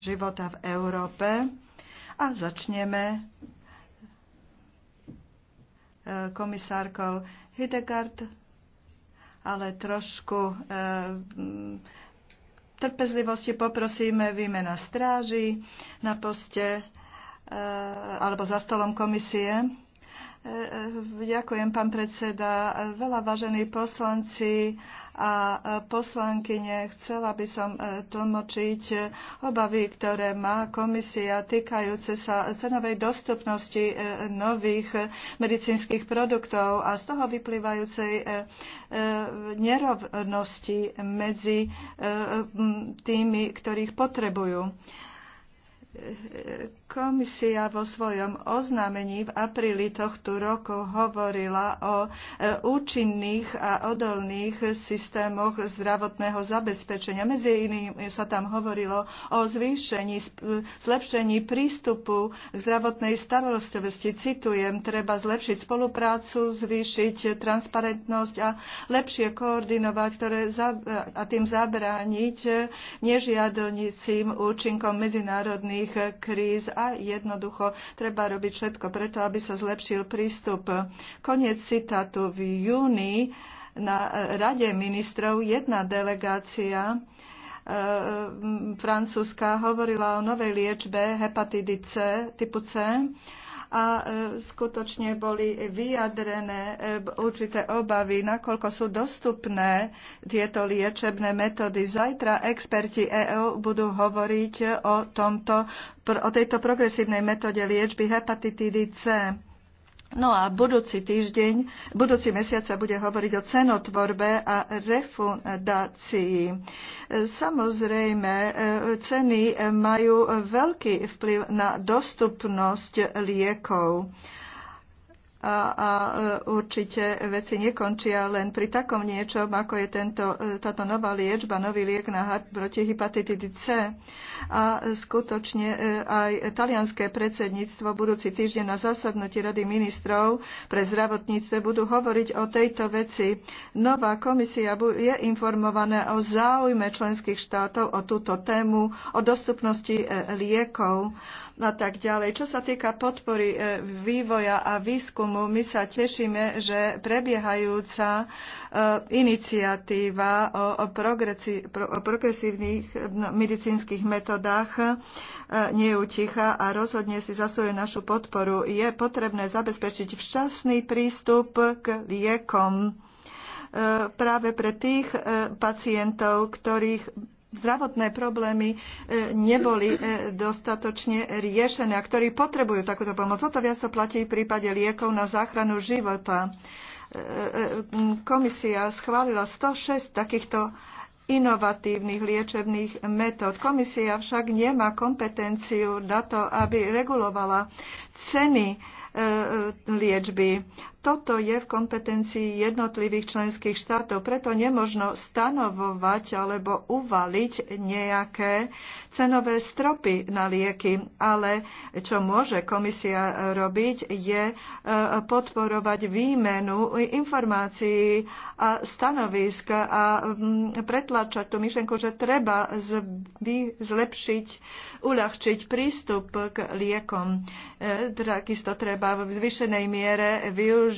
života v Európe a začneme e, komisárkou Hidegard, ale trošku e, mm, trpezlivosti poprosíme výmena stráži na poste e, alebo za stolom komisie. E, e, ďakujem, pán predseda. Veľa vážení poslanci a e, poslankyne, chcela by som tlmočiť obavy, ktoré má komisia týkajúce sa cenovej dostupnosti nových medicínskych produktov a z toho vyplývajúcej nerovnosti medzi tými, ktorých potrebujú Komisia vo svojom oznámení v apríli tohto roku hovorila o e, účinných a odolných systémoch zdravotného zabezpečenia. Medzi iným sa tam hovorilo o zvýšení, zlepšení prístupu k zdravotnej starostlivosti. Citujem, treba zlepšiť spoluprácu, zvýšiť transparentnosť a lepšie koordinovať ktoré a tým zabrániť nežiadonicím účinkom medzinárodných kríz a jednoducho treba robiť všetko preto, aby sa zlepšil prístup. Koniec citátu. V júni na Rade ministrov jedna delegácia e, francúzska hovorila o novej liečbe hepatidy C, typu C a e, skutočne boli vyjadrené e, určité obavy, nakoľko sú dostupné tieto liečebné metódy. Zajtra experti EÚ budú hovoriť o, tomto, o tejto progresívnej metóde liečby hepatitidy C. No a budúci týždeň, budúci mesiac sa bude hovoriť o cenotvorbe a refundácii. Samozrejme, ceny majú veľký vplyv na dostupnosť liekov a, a e, určite veci nekončia len pri takom niečom, ako je tento, e, táto nová liečba, nový liek na proti hepatitidy C. A skutočne e, aj talianské predsedníctvo budúci týždeň na zasadnutí Rady ministrov pre zdravotníctve budú hovoriť o tejto veci. Nová komisia je informovaná o záujme členských štátov o túto tému, o dostupnosti liekov a tak ďalej. Čo sa týka podpory e, vývoja a výskumu, my sa tešíme, že prebiehajúca e, iniciatíva o progresívnych no, medicínskych metodách e, nie je uticha a rozhodne si zasuje našu podporu. Je potrebné zabezpečiť včasný prístup k liekom práve pre tých pacientov, ktorých zdravotné problémy e, neboli e, dostatočne riešené a ktorí potrebujú takúto pomoc. O to viac sa platí v prípade liekov na záchranu života. E, komisia schválila 106 takýchto inovatívnych liečebných metód. Komisia však nemá kompetenciu na to, aby regulovala ceny liečby toto je v kompetencii jednotlivých členských štátov, preto nemožno stanovovať alebo uvaliť nejaké cenové stropy na lieky, ale čo môže komisia robiť, je e, podporovať výmenu informácií a stanovisk a pretlačať tú myšlenku, že treba zlepšiť, uľahčiť prístup k liekom. E, takisto treba v zvýšenej miere využiť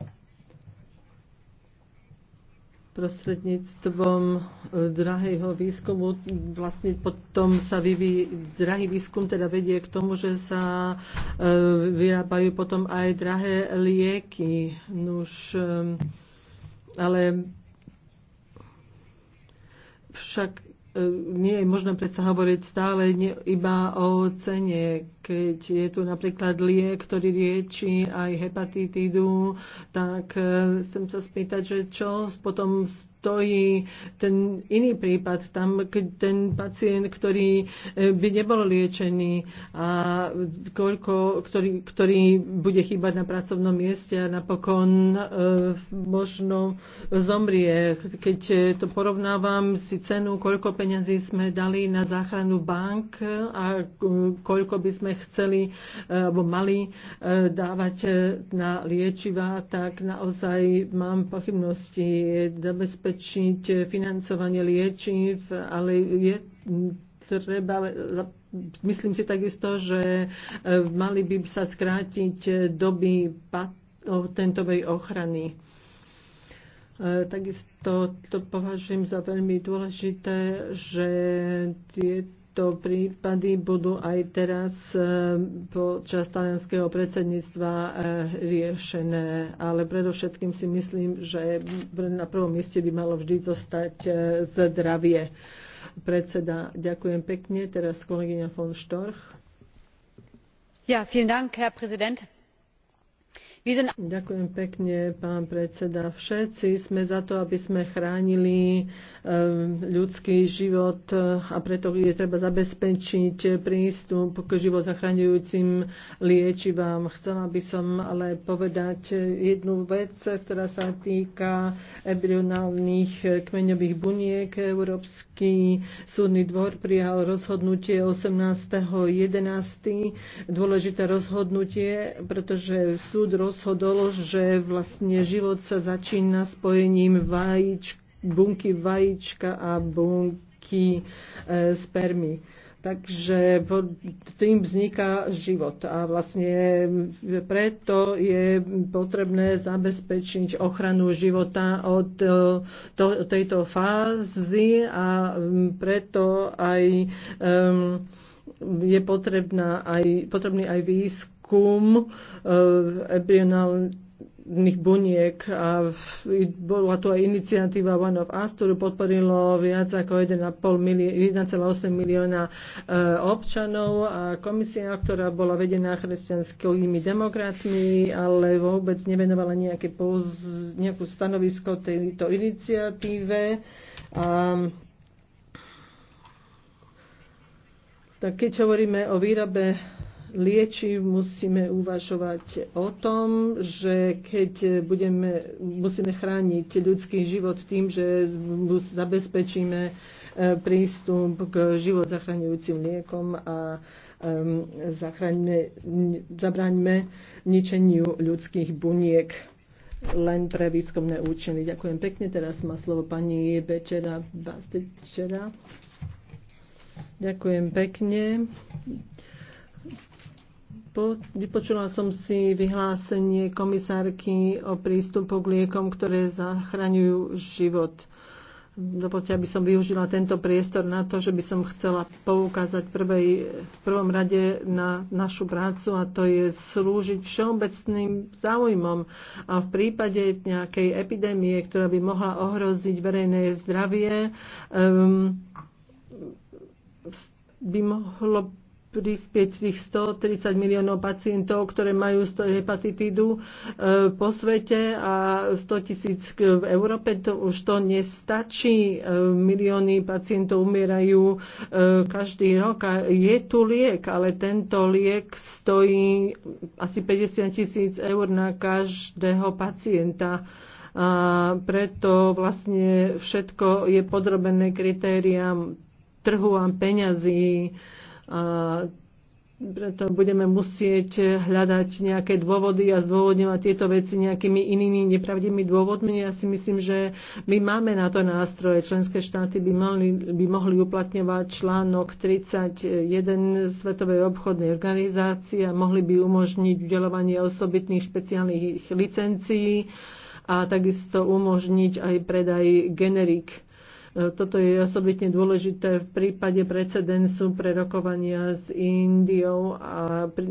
prostredníctvom e, drahého výskumu. Vlastne potom sa vyvíjí, drahý výskum teda vedie k tomu, že sa e, vyrábajú potom aj drahé lieky. Nuž, e, ale však nie je možné predsa hovoriť stále iba o cene, keď je tu napríklad liek, ktorý lieči aj hepatitídu, tak e, chcem sa spýtať, že čo potom stojí ten iný prípad, tam keď ten pacient, ktorý e, by nebol liečený a koľko, ktorý, ktorý bude chýbať na pracovnom mieste a napokon e, možno zomrie. Keď e, to porovnávam si cenu, koľko peňazí sme dali na záchranu bank a koľko by sme sme chceli e, alebo mali e, dávať e, na liečiva, tak naozaj mám pochybnosti zabezpečiť financovanie liečiv, ale je treba Myslím si takisto, že mali by sa skrátiť doby tentovej ochrany. Takisto to považujem za veľmi dôležité, že tieto tieto prípady budú aj teraz eh, počas talianského predsedníctva eh, riešené. Ale predovšetkým si myslím, že na prvom mieste by malo vždy zostať eh, zdravie. Predseda, ďakujem pekne. Teraz kolegyňa von Storch. Ja, vielen Dank, Herr Präsident Ďakujem pekne, pán predseda. Všetci sme za to, aby sme chránili ehm, ľudský život a preto je treba zabezpečiť prístup k život zachraňujúcim liečivám. Chcela by som ale povedať jednu vec, ktorá sa týka embryonálnych kmeňových buniek. Európsky súdny dvor prijal rozhodnutie 18.11. Dôležité rozhodnutie, pretože súd rozhodnutie rozhodol, že vlastne život sa začína spojením vajíč, bunky vajíčka a bunky e, spermy. Takže tým vzniká život a vlastne preto je potrebné zabezpečiť ochranu života od e, to, tejto fázy a preto aj um, je potrebná aj, potrebný aj výskum výskum eh, embryonálnych buniek a bola to aj iniciatíva One of Us, ktorú podporilo viac ako 1,8 milióna eh, občanov a komisia, ktorá bola vedená kresťanskými demokratmi, ale vôbec nevenovala nejaké poz, nejakú stanovisko tejto iniciatíve. A tak keď hovoríme o výrobe Lieči, musíme uvažovať o tom, že keď budeme, musíme chrániť ľudský život tým, že zabezpečíme e, prístup k život zachraňujúcim liekom a zabraňme ničeniu ľudských buniek len pre výskumné účely. Ďakujem pekne. Teraz má slovo pani Bečera Bastečera. Ďakujem pekne. Vypočula som si vyhlásenie komisárky o prístupu k liekom, ktoré zachraňujú život. Dovolte, aby som využila tento priestor na to, že by som chcela poukázať prvej, v prvom rade na našu prácu a to je slúžiť všeobecným záujmom. A v prípade nejakej epidémie, ktorá by mohla ohroziť verejné zdravie, um, by mohlo prispieť tých 130 miliónov pacientov, ktoré majú z toho hepatitídu e, po svete a 100 tisíc v Európe, to už to nestačí. E, milióny pacientov umierajú e, každý rok a je tu liek, ale tento liek stojí asi 50 tisíc eur na každého pacienta a preto vlastne všetko je podrobené kritériám trhu a peňazí a preto budeme musieť hľadať nejaké dôvody a zdôvodňovať tieto veci nejakými inými nepravdivými dôvodmi. Ja si myslím, že my máme na to nástroje. Členské štáty by mohli, by mohli uplatňovať článok 31 Svetovej obchodnej organizácie a mohli by umožniť udelovanie osobitných špeciálnych licencií a takisto umožniť aj predaj generík E, toto je osobitne dôležité v prípade precedensu pre rokovania s Indiou a pri,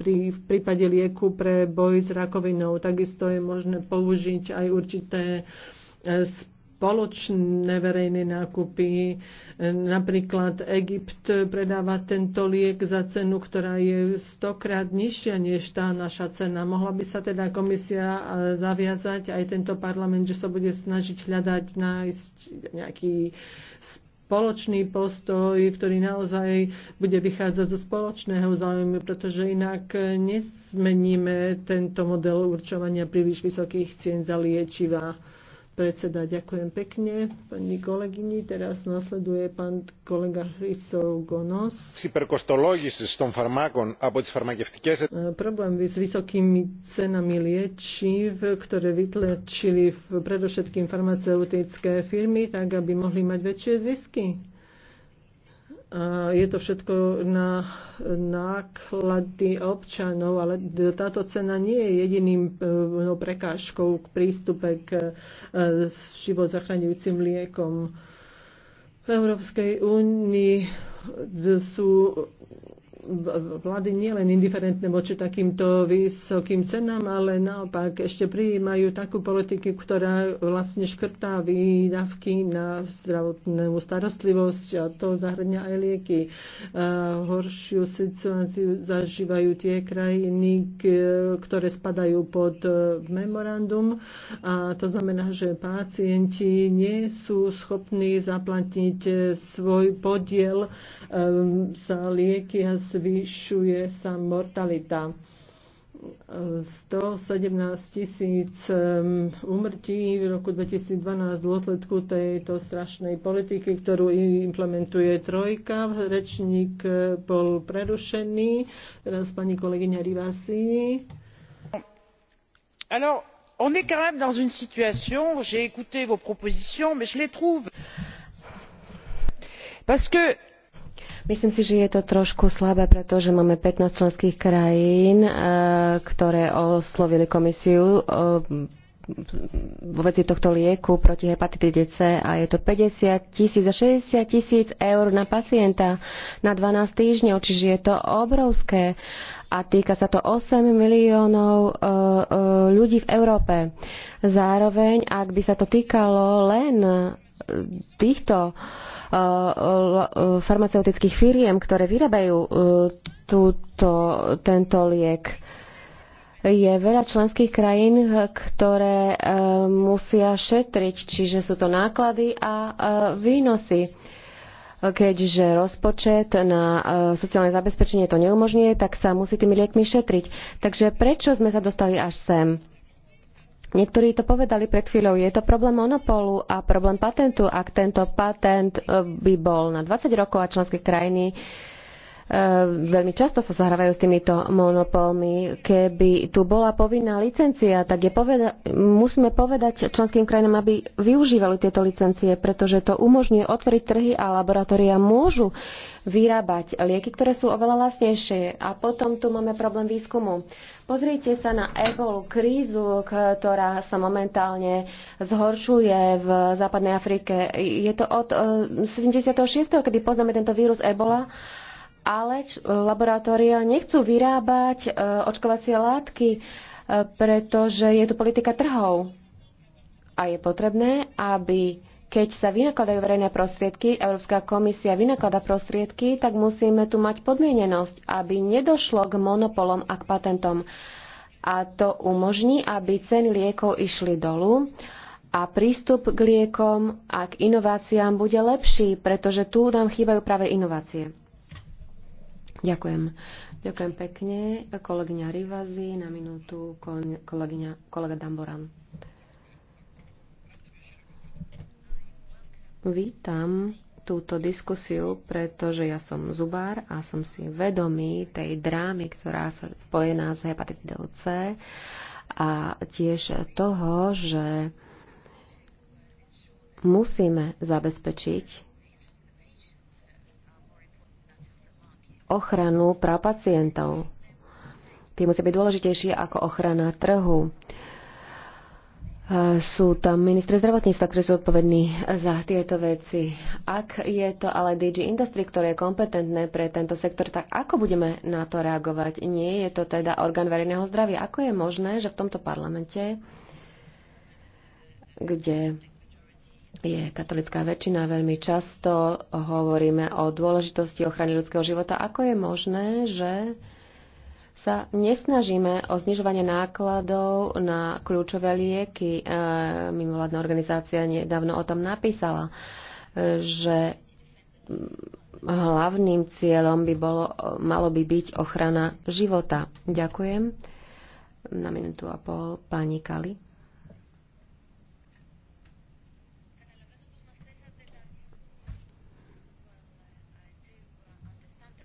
pri, v prípade lieku pre boj s rakovinou. Takisto je možné použiť aj určité e, spoločné verejné nákupy. Napríklad Egypt predáva tento liek za cenu, ktorá je stokrát nižšia než tá naša cena. Mohla by sa teda komisia e, zaviazať aj tento parlament, že sa bude snažiť hľadať nájsť nejaký spoločný postoj, ktorý naozaj bude vychádzať zo spoločného záujmu, pretože inak nesmeníme tento model určovania príliš vysokých cien za liečivá. Predseda, ďakujem pekne. Pani kolegyni, teraz nasleduje pán kolega Hrysov Gonos. E, problém s vysokými cenami liečiv, ktoré vytlačili predovšetkým farmaceutické firmy, tak aby mohli mať väčšie zisky je to všetko na náklady občanov, ale táto cena nie je jediným e, no, prekážkou k prístupe k e, život zachraňujúcim liekom. V Európskej únii sú vlády nielen indiferentné voči takýmto vysokým cenám, ale naopak ešte prijímajú takú politiku, ktorá vlastne škrtá výdavky na zdravotnú starostlivosť a to zahrňa aj lieky. A horšiu situáciu zažívajú tie krajiny, ktoré spadajú pod e, memorandum a to znamená, že pacienti nie sú schopní zaplatiť e, svoj podiel e, za lieky a zvyšuje sa mortalita. 117 tisíc umrtí v roku 2012 v dôsledku tejto strašnej politiky, ktorú implementuje Trojka. Rečník e, bol prerušený. Teraz pani kolegyňa Rivasi. Alors, on est quand même dans une situation, j'ai écouté vos propositions, mais je les trouve. Parce que Myslím si, že je to trošku slabé, pretože máme 15 členských krajín, e, ktoré oslovili komisiu e, vo veci tohto lieku proti hepatitide C a je to 50 tisíc a 60 tisíc eur na pacienta na 12 týždňov, čiže je to obrovské a týka sa to 8 miliónov e, ľudí v Európe. Zároveň, ak by sa to týkalo len týchto Eh, eh, farmaceutických firiem, ktoré vyrábajú eh, túto, tento liek. Je veľa členských krajín, ktoré musia šetriť, čiže sú to náklady a výnosy keďže rozpočet na sociálne zabezpečenie to neumožňuje, tak sa musí tými liekmi šetriť. Takže prečo sme sa dostali až sem? Niektorí to povedali pred chvíľou, je to problém monopolu a problém patentu. Ak tento patent e, by bol na 20 rokov a členské krajiny e, veľmi často sa zahrávajú s týmito monopolmi. Keby tu bola povinná licencia, tak je poveda- musíme povedať členským krajinám, aby využívali tieto licencie, pretože to umožňuje otvoriť trhy a laboratória môžu vyrábať lieky, ktoré sú oveľa lacnejšie. A potom tu máme problém výskumu. Pozrite sa na ebolu krízu, ktorá sa momentálne zhoršuje v západnej Afrike. Je to od 76. Eh, kedy poznáme tento vírus ebola ale laboratória nechcú vyrábať eh, očkovacie látky, eh, pretože je tu politika trhov. A je potrebné, aby keď sa vynakladajú verejné prostriedky, Európska komisia vynaklada prostriedky, tak musíme tu mať podmienenosť, aby nedošlo k monopolom a k patentom. A to umožní, aby ceny liekov išli dolu a prístup k liekom a k inováciám bude lepší, pretože tu nám chýbajú práve inovácie. Ďakujem. Ďakujem pekne. Kolegyňa Rivazi na minútu, kolegyňa, kolega Damboran. Vítam túto diskusiu, pretože ja som zubár a som si vedomý tej drámy, ktorá sa spojená s hepatitidou C a tiež toho, že musíme zabezpečiť ochranu pacientov. Tí musia byť dôležitejšie ako ochrana trhu sú tam ministri zdravotníctva, ktorí sú odpovední za tieto veci. Ak je to ale DG Industry, ktoré je kompetentné pre tento sektor, tak ako budeme na to reagovať? Nie je to teda orgán verejného zdravia. Ako je možné, že v tomto parlamente, kde je katolická väčšina, veľmi často hovoríme o dôležitosti ochrany ľudského života, ako je možné, že sa nesnažíme o znižovanie nákladov na kľúčové lieky. E, Mimovládna organizácia nedávno o tom napísala, e, že hlavným cieľom by bolo, malo by byť ochrana života. Ďakujem. Na minútu a pol pani Kali.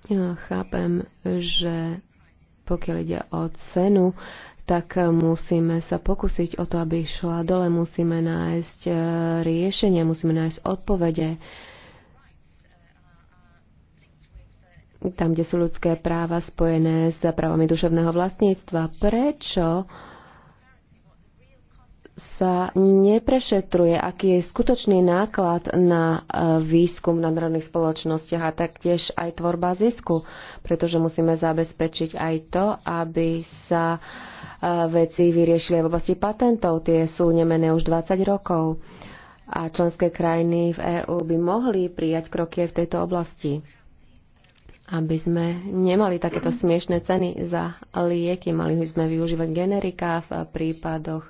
Ja chápem, že pokiaľ ide o cenu, tak musíme sa pokúsiť o to, aby šla dole, musíme nájsť e, riešenie, musíme nájsť odpovede. Tam, kde sú ľudské práva spojené s právami duševného vlastníctva. Prečo uh, sa neprešetruje, aký je skutočný náklad na e, výskum v nadrodných spoločnostiach a taktiež aj tvorba zisku, pretože musíme zabezpečiť aj to, aby sa e, veci vyriešili v oblasti patentov. Tie sú nemené už 20 rokov a členské krajiny v EÚ by mohli prijať kroky v tejto oblasti aby sme nemali takéto smiešné ceny za lieky, mali by sme využívať generika v prípadoch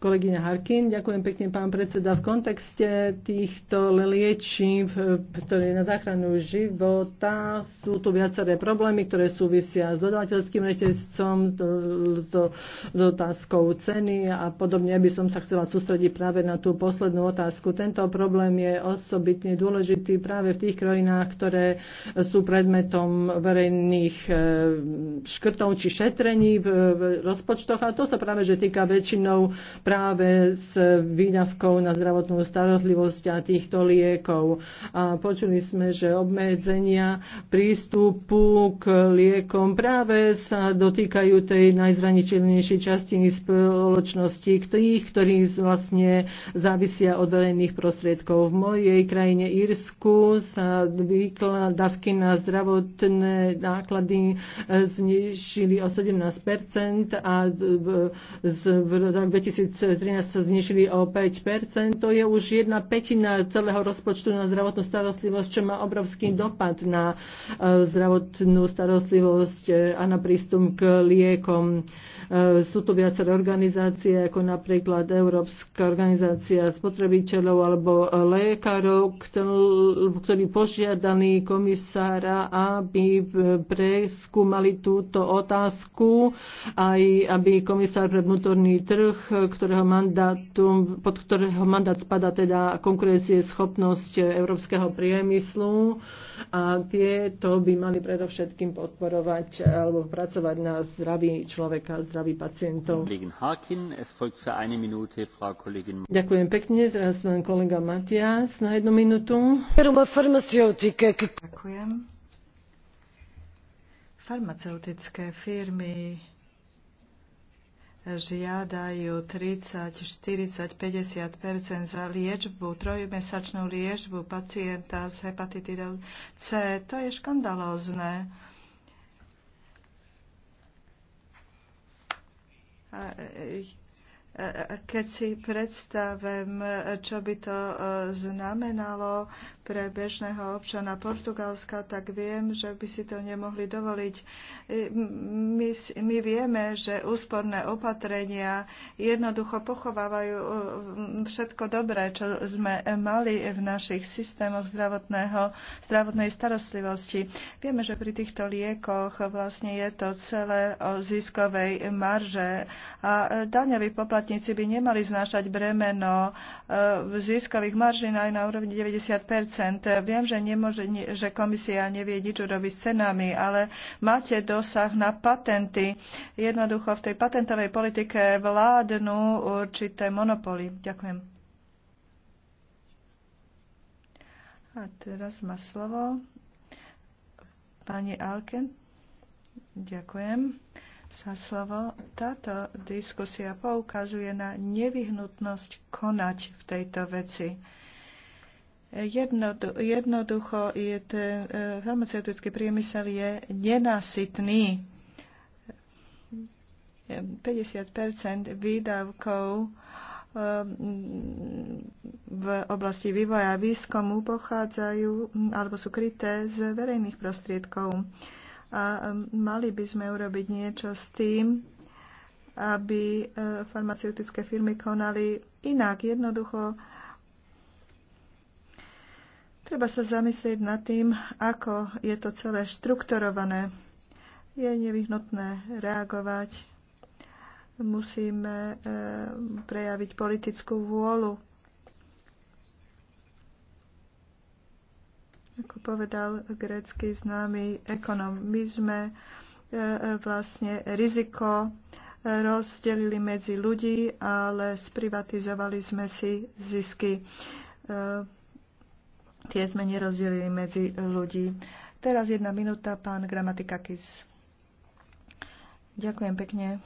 Kolegyňa Harkin, ďakujem pekne, pán predseda. V kontexte týchto liečiv, ktoré na záchranu života, sú tu viaceré problémy, ktoré súvisia s dodávateľským reťazcom, s otázkou ceny a podobne. By som sa chcela sústrediť práve na tú poslednú otázku. Tento problém je osobitne dôležitý práve v tých krajinách, ktoré sú predmetom verejných e, škrtov či šetrení v rozpočtoch. A to sa práve že týka väčšinou práve s výdavkou na zdravotnú starostlivosť a týchto liekov. A počuli sme, že obmedzenia prístupu k liekom práve sa dotýkajú tej najzraniteľnejšej časti spoločnosti, tých, ktorí vlastne závisia od verejných prostriedkov. V mojej krajine Írsku sa výklad dávky na zdravotné náklady e, znižili o 17 a v v 2000 2013 sa znižili o 5%. To je už jedna petina celého rozpočtu na zdravotnú starostlivosť, čo má obrovský dopad na eh, zdravotnú starostlivosť eh, a na prístup k liekom. E, sú tu viaceré organizácie, ako napríklad Európska organizácia spotrebiteľov alebo lekárov, ktorí požiadali komisára, aby preskúmali túto otázku, aj aby komisár pre vnútorný trh, ktorého mandátu, pod ktorého mandát spada teda konkurencie schopnosť európskeho priemyslu a tieto by mali predovšetkým podporovať alebo pracovať na zdraví človeka, zdraví zdravý pacientov. Ďakujem pekne. Teraz pán kolega Matias na jednu minútu. Ďakujem. Farmaceutické firmy žiadajú 30, 40, 50 za liečbu, trojmesačnú liečbu pacienta s hepatitidou C. To je škandalozne. E, e, e, keď si predstavím, čo by to znamenalo pre bežného občana Portugalska, tak viem, že by si to nemohli dovoliť. My, my vieme, že úsporné opatrenia jednoducho pochovávajú všetko dobré, čo sme mali v našich systémoch zdravotného, zdravotnej starostlivosti. Vieme, že pri týchto liekoch vlastne je to celé o ziskovej marže a daňoví poplatníci by nemali znášať bremeno e, ziskových maržín aj na úrovni 90 Viem, že, nemôže, že komisia nevie nič urobiť s cenami, ale máte dosah na patenty. Jednoducho v tej patentovej politike vládnu určité monopoly. Ďakujem. A teraz má slovo pani Alken. Ďakujem za slovo. Táto diskusia poukazuje na nevyhnutnosť konať v tejto veci jednoducho je ten e, farmaceutický priemysel je nenasytný. 50 výdavkov e, v oblasti vývoja a výskumu pochádzajú alebo sú kryté z verejných prostriedkov. A e, mali by sme urobiť niečo s tým, aby farmaceutické firmy konali inak. Jednoducho Treba sa zamyslieť nad tým, ako je to celé štrukturované. Je nevyhnutné reagovať. Musíme eh, prejaviť politickú vôľu. Ako povedal grécky známy ekonom, my sme eh, vlastne riziko eh, rozdelili medzi ľudí, ale sprivatizovali sme si zisky. Tie sme nerozdelili medzi ľudí. Teraz jedna minúta, pán Gramatikakis. Ďakujem pekne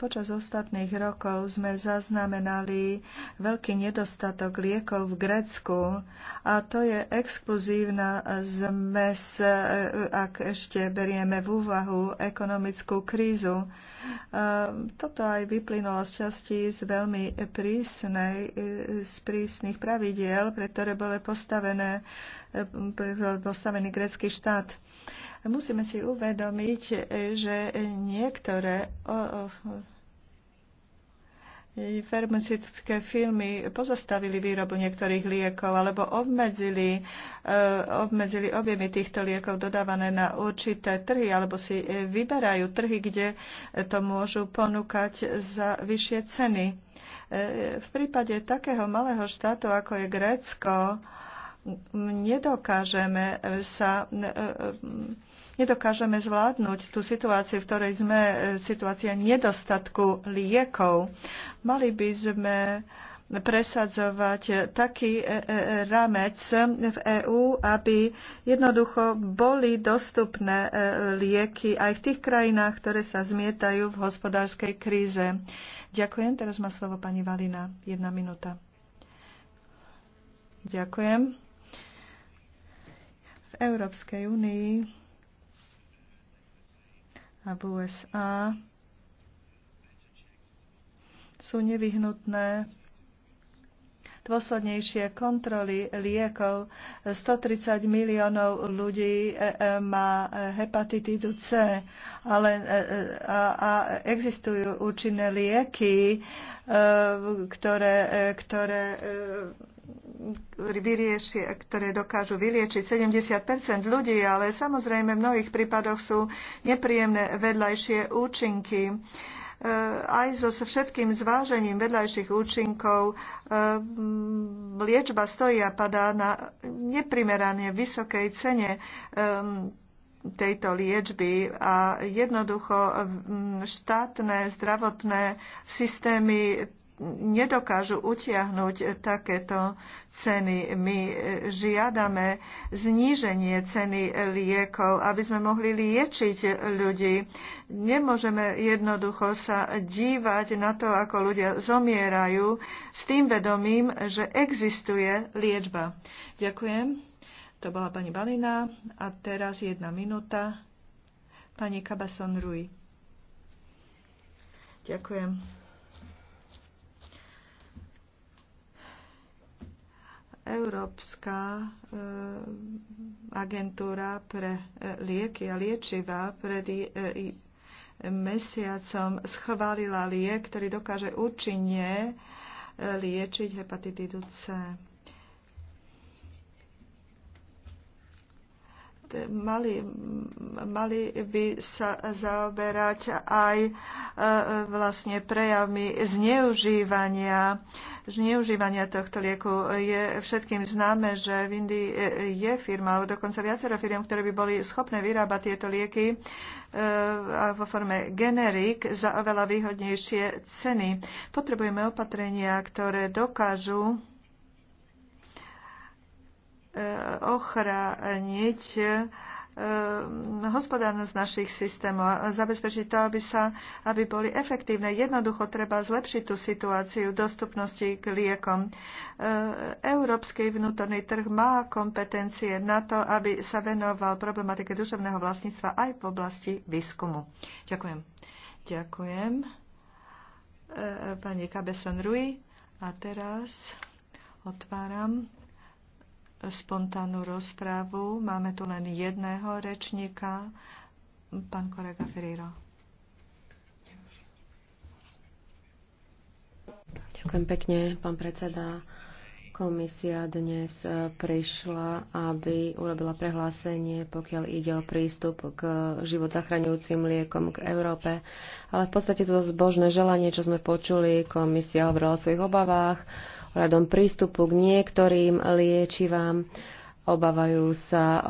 Počas ostatných rokov sme zaznamenali veľký nedostatok liekov v Grécku a to je exkluzívna zmes, e, ak ešte berieme v úvahu ekonomickú krízu. E, toto aj vyplynulo z časti z veľmi prísnej, e, z prísnych pravidiel, pre ktoré bol postavený grécky štát. Musíme si uvedomiť, že niektoré farmaceutické firmy pozastavili výrobu niektorých liekov alebo obmedzili, e, obmedzili objemy týchto liekov dodávané na určité trhy alebo si e, vyberajú trhy, kde to môžu ponúkať za vyššie ceny. E, v prípade takého malého štátu, ako je Grécko, nedokážeme sa nedokážeme zvládnuť tú situáciu, v ktorej sme, e, situácia nedostatku liekov. Mali by sme presadzovať taký e, e, ramec v EÚ, aby jednoducho boli dostupné lieky aj v tých krajinách, ktoré sa zmietajú v hospodárskej kríze. Ďakujem. Teraz má slovo pani Valina. Jedna minúta. Ďakujem. V Európskej únii a v USA sú nevyhnutné dôslednejšie kontroly liekov. 130 miliónov ľudí e, e, má e, hepatitidu C ale, a, a existujú účinné lieky, ktoré, ktoré vyriešie, ktoré dokážu vyliečiť 70 ľudí, ale samozrejme v mnohých prípadoch sú nepríjemné vedľajšie účinky e, aj so všetkým zvážením vedľajších účinkov e, liečba stojí a padá na neprimerane vysokej cene e, tejto liečby a jednoducho štátne zdravotné systémy nedokážu utiahnuť takéto ceny. My žiadame zníženie ceny liekov, aby sme mohli liečiť ľudí. Nemôžeme jednoducho sa dívať na to, ako ľudia zomierajú s tým vedomím, že existuje liečba. Ďakujem. To bola pani Balina. A teraz jedna minúta. Pani Kabason Rui. Ďakujem. Európska eh, agentúra pre eh, lieky a liečiva pred eh, mesiacom schválila liek, ktorý dokáže účinne liečiť hepatitidu C. mali, mali by sa zaoberať aj vlastne prejavmi zneužívania zneužívania tohto lieku. Je všetkým známe, že v Indii je firma, alebo dokonca viacero firm, ktoré by boli schopné vyrábať tieto lieky e, vo forme generík za oveľa výhodnejšie ceny. Potrebujeme opatrenia, ktoré dokážu e, ochrániť Ehm, hospodárnosť našich systémov a zabezpečiť to, aby, sa, aby boli efektívne. Jednoducho treba zlepšiť tú situáciu dostupnosti k liekom. Ehm, európsky vnútorný trh má kompetencie na to, aby sa venoval problematike duševného vlastníctva aj v oblasti výskumu. Ďakujem. Ďakujem. Ehm, pani Kabeson Rui. A teraz otváram spontánnu rozprávu. Máme tu len jedného rečníka, pán kolega Ferriro. Ďakujem pekne, pán predseda. Komisia dnes prišla, aby urobila prehlásenie, pokiaľ ide o prístup k život zachraňujúcim liekom k Európe. Ale v podstate toto zbožné želanie, čo sme počuli, komisia hovorila o svojich obavách, hľadom prístupu k niektorým liečivám. Obávajú sa e,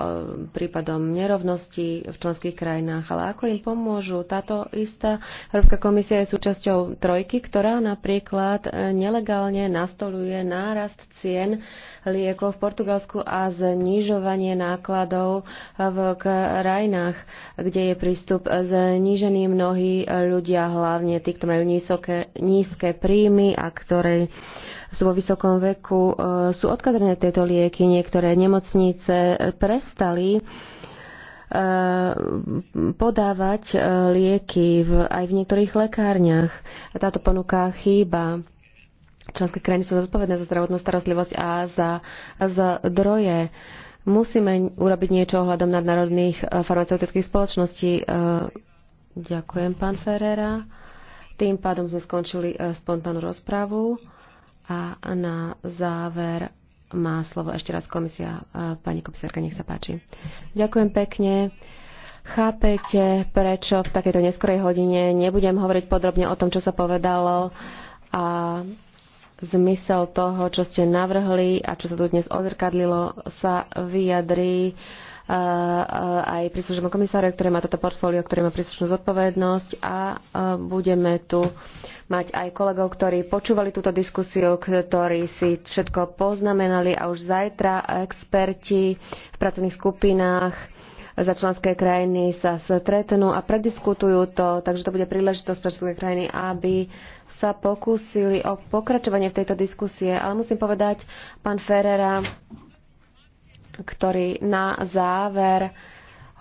prípadom nerovností v členských krajinách, ale ako im pomôžu? Táto istá Európska komisia je súčasťou trojky, ktorá napríklad e, nelegálne nastoluje nárast cien liekov v Portugalsku a znižovanie nákladov e, v krajinách, kde je prístup znížený mnohí ľudia, hlavne tí, ktorí majú nízke, nízke príjmy a ktorí sú vo vysokom veku, e, sú odkazané tieto lieky. Niektoré nemocnice prestali e, podávať e, lieky v, aj v niektorých lekárniach. Táto ponuka chýba. Členské krajiny sú zodpovedné za zdravotnú starostlivosť a za, za droje. Musíme urobiť niečo ohľadom nadnárodných farmaceutických spoločností. Ďakujem, pán Ferrera. Tým pádom sme skončili spontánnu rozpravu. A na záver má slovo ešte raz komisia. Pani komisárka, nech sa páči. Ďakujem pekne. Chápete, prečo v takejto neskorej hodine nebudem hovoriť podrobne o tom, čo sa povedalo a zmysel toho, čo ste navrhli a čo sa tu dnes odrkadlilo, sa vyjadrí e, e, aj príslušnému komisárovi, ktorý má toto portfólio, ktorý má príslušnú zodpovednosť a e, budeme tu mať aj kolegov, ktorí počúvali túto diskusiu, ktorí si všetko poznamenali a už zajtra experti v pracovných skupinách za členské krajiny sa stretnú a prediskutujú to, takže to bude príležitosť pre členské krajiny, aby sa pokúsili o pokračovanie v tejto diskusie. Ale musím povedať, pán Ferrera, ktorý na záver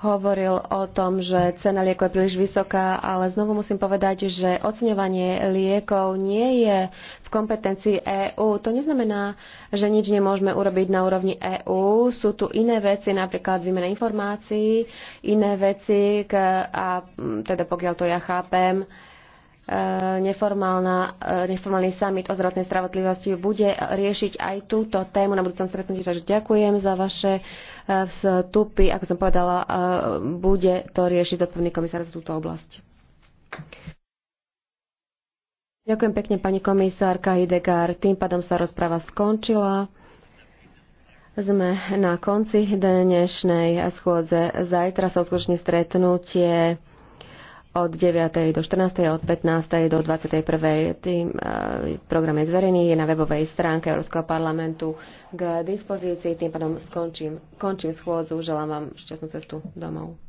hovoril o tom, že cena liekov je príliš vysoká, ale znovu musím povedať, že oceňovanie liekov nie je v kompetencii EÚ. To neznamená, že nič nemôžeme urobiť na úrovni EÚ. Sú tu iné veci, napríklad výmena informácií, iné veci, a teda pokiaľ to ja chápem, Eh, eh, neformálny summit o zdravotnej spravodlivosti bude riešiť aj túto tému na budúcom stretnutí. Takže ďakujem za vaše eh, vstupy. Ako som povedala, bude to riešiť zodpovedný komisár za túto oblasť. Ďakujem pekne, pani komisárka Hidegár. Tým pádom sa rozpráva skončila. Sme na konci dnešnej schôdze. Zajtra sa uskutoční stretnutie od 9. do 14. od 15. do 21. Tým e, program je zverejný, je na webovej stránke Európskeho parlamentu k dispozícii. Tým pádom skončím, končím schôdzu. Želám vám šťastnú cestu domov.